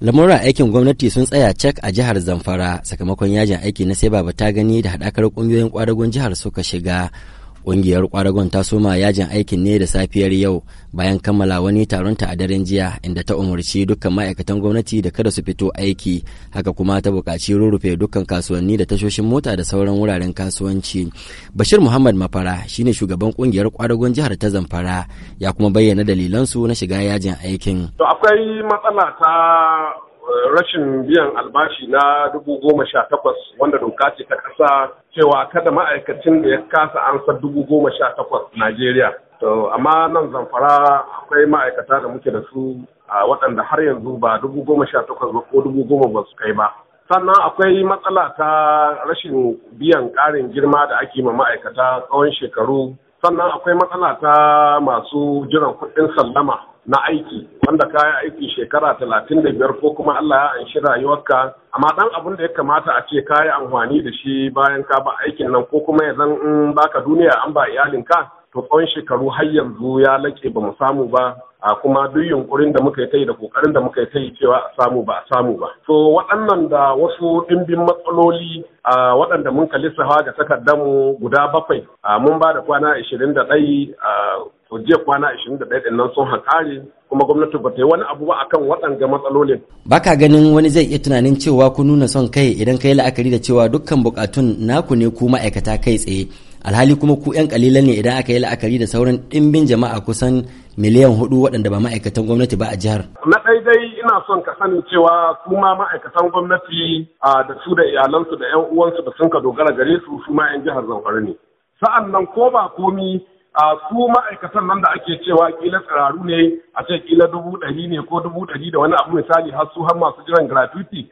lamuran aikin gwamnati sun tsaya cak a jihar zamfara sakamakon yajin aiki na sai baba ta gani da haɗakar ƙungiyoyin ƙwadagon jihar suka shiga Ƙungiyar ƙwaragon ta soma yajin aikin ne da safiyar yau bayan kammala wani taron ta a daren jiya inda ta umarci dukkan ma'aikatan gwamnati da kada su fito aiki haka kuma ta buƙaci rurrufe dukkan kasuwanni da tashoshin mota da sauran wuraren kasuwanci. Bashir Muhammad Mafara shi ne shugaban ƙungiyar ƙwaragon jihar ta Zamfara ya kuma bayyana dalilansu na shiga yajin aikin. To akwai matsala ta rashin biyan albashi na dubu goma sha takwas wanda doka ce ta kasa cewa kada ma'aikacin da ya kasa ansa dubu goma sha takwas Najeriya. To amma nan zamfara akwai ma'aikata da muke da su a waɗanda har yanzu ba dubu goma sha takwas ba ko dubu goma ba su kai ba. Sannan akwai matsala ta rashin biyan ƙarin girma da ake ma ma'aikata tsawon shekaru sannan akwai matsala ta masu jiran kuɗin sallama na aiki wanda ka yi aiki shekara talatin da biyar ko kuma Allah ya anshi rayuwarka amma dan abin da ya kamata a ce ka yi amfani da shi bayan ka ba aikin nan ko kuma ya zan in baka duniya an ba iyalinka to tsawon shekaru har yanzu ya laƙe ba mu samu ba a kuma duk yunkurin da muka yi ta yi da kokarin da muka yi ta yi cewa a samu ba a samu ba to waɗannan da wasu ɗimbin matsaloli a waɗanda mun hawa ga takardamu guda bakwai a mun ba da kwana ashirin da ɗai a jiya kwana ashirin da ɗai nan sun haƙari kuma gwamnati ba ta yi wani abu ba akan waɗanga matsalolin. baka ganin wani zai iya tunanin cewa ku nuna son kai idan ka yi la'akari da cewa dukkan buƙatun naku ne kuma ma'aikata kai tsaye alhali kuma ku 'yan kalilan ne idan aka yi la'akari da sauran ɗimbin jama'a kusan miliyan hudu waɗanda ba ma'aikatan gwamnati ba a jihar. Na daidai ina son ka sani cewa su ma ma'aikatan gwamnati da su da iyalansu da 'yan uwansu da sun ka dogara gare su su ma 'yan jihar Zamfara ne. Sa'an nan ko ba komi a su ma'aikatan nan da ake cewa kila tsiraru ne a ce kila dubu ɗari ne ko dubu ɗari da wani abu misali har su har masu jiran gratuity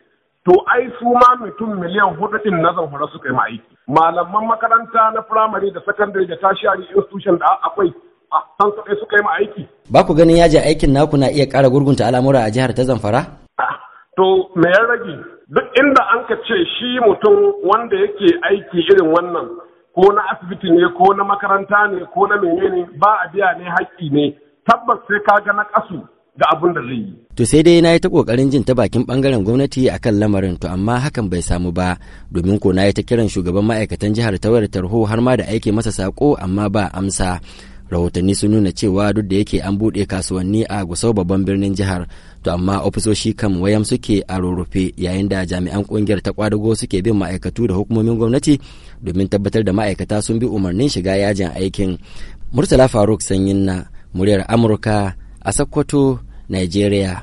to ai su ma mutum miliyan hudu din na zamfara suka yi ma'aiki. aiki malaman makaranta na firamare da sakandare da tashiyari institution da akwai a san kai suka kai aiki. ba ku ganin yaji aikin naku na iya ƙara gurgunta al'amura a jihar ta zamfara. to me ya rage duk inda an ka ce shi mutum wanda yake aiki irin wannan ko na asibiti ne ko na makaranta ne ko na menene ba a biya ne haƙƙi ne tabbas sai ka ga na ƙasu ga abin da zai yi. To sai dai na yi ta kokarin jin ta bakin bangaren gwamnati akan lamarin to amma hakan bai samu ba domin ko na yi ta kiran shugaban ma'aikatan jihar ta tarho har ma da aiki masa sako amma ba amsa. Rahotanni sun nuna cewa duk da yake an buɗe kasuwanni a Gusau babban birnin jihar to amma ofisoshi kan wayam suke a rurrufe yayin da jami'an kungiyar ta kwadago suke bin ma'aikatu da hukumomin gwamnati domin tabbatar da ma'aikata sun bi umarnin shiga yajin aikin. Murtala Faruk Sanyin na muryar Amurka a Sokoto Najeriya.